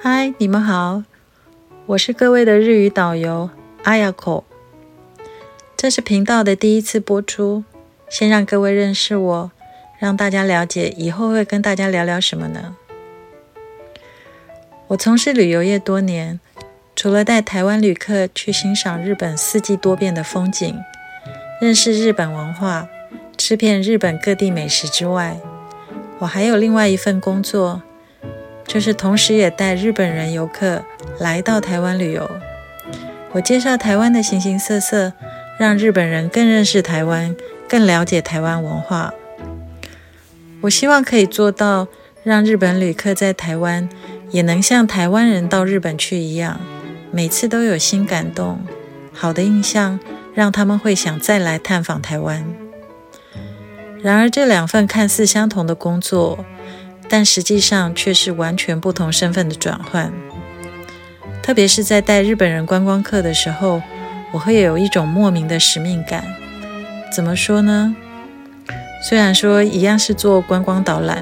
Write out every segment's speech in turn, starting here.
嗨，你們好，我是各位的日語導遊 AYAKO。這是頻道的第一次播出，先讓各位認識我，讓大家了解以後會跟大家聊聊什麼呢？我從事旅遊業多年，除了帶台灣旅客去欣賞日本四季多變的風景，認識日本文化，吃遍日本各地美食之外，我還有另外一份工作。就是同時也帶日本人遊客來到台灣旅遊。我介紹台灣的形形色色，讓日本人更認識台灣，更了解台灣文化。我希望可以做到，讓日本旅客在台灣也能像台灣人到日本去一樣，每次都有新感動、好的印象，讓他們會想再來探訪台灣。然而這兩份看似相同的工作，但實際上卻是完全不同身份的轉換，特別是在帶日本人觀光客的時候，我會有一種莫名的使命感。怎麼說呢？雖然說一樣是做觀光導覽，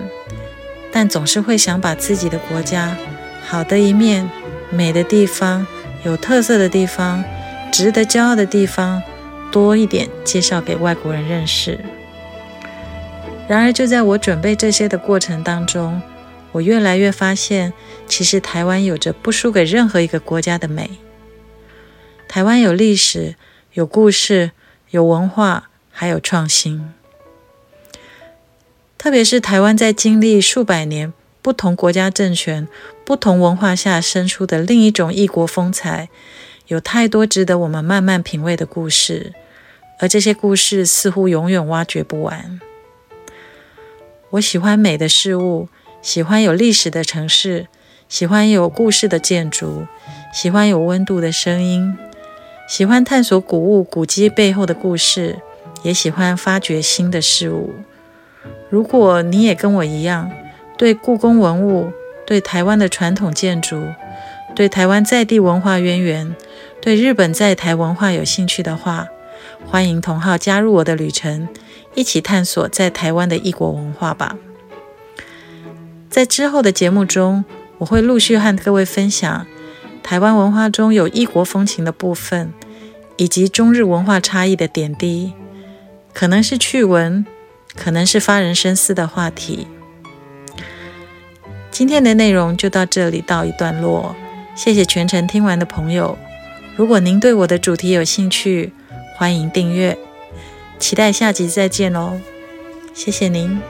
但總是會想把自己的國家、好的一面、美的地方、有特色的地方、值得驕傲的地方，多一點介紹給外國人認識。然而，就在我準備這些的過程當中，我越來越發現，其實台灣有着不輸給任何一個國家的美。台灣有歷史，有故事，有文化，還有創新。特別是台灣在經歷數百年不同國家政權、不同文化下生出的另一種異國風采，有太多值得我們慢慢品味的故事，而這些故事似乎永遠挖掘不完。我喜歡美的事物，喜歡有歷史的城市，喜歡有故事的建築，喜歡有溫度的聲音，喜歡探索古物古跡背後的故事，也喜歡發掘新的事物。如果你也跟我一樣，對故宮文物、對台灣的傳統建築、對台灣在地文化淵源、對日本在台文化有興趣的話，歡迎同好加入我的旅程，一起探索在台灣的異國文化吧。在之後的節目中，我會陸續和各位分享台灣文化中有異國風情的部分，以及中日文化差異的點滴，可能是趣聞，可能是發人深思的話題。今天的內容就到這裡，告一段落。謝謝全程聽完的朋友。如果您對我的主題有興趣，歡迎訂閱，期待下集再見哦，謝謝您。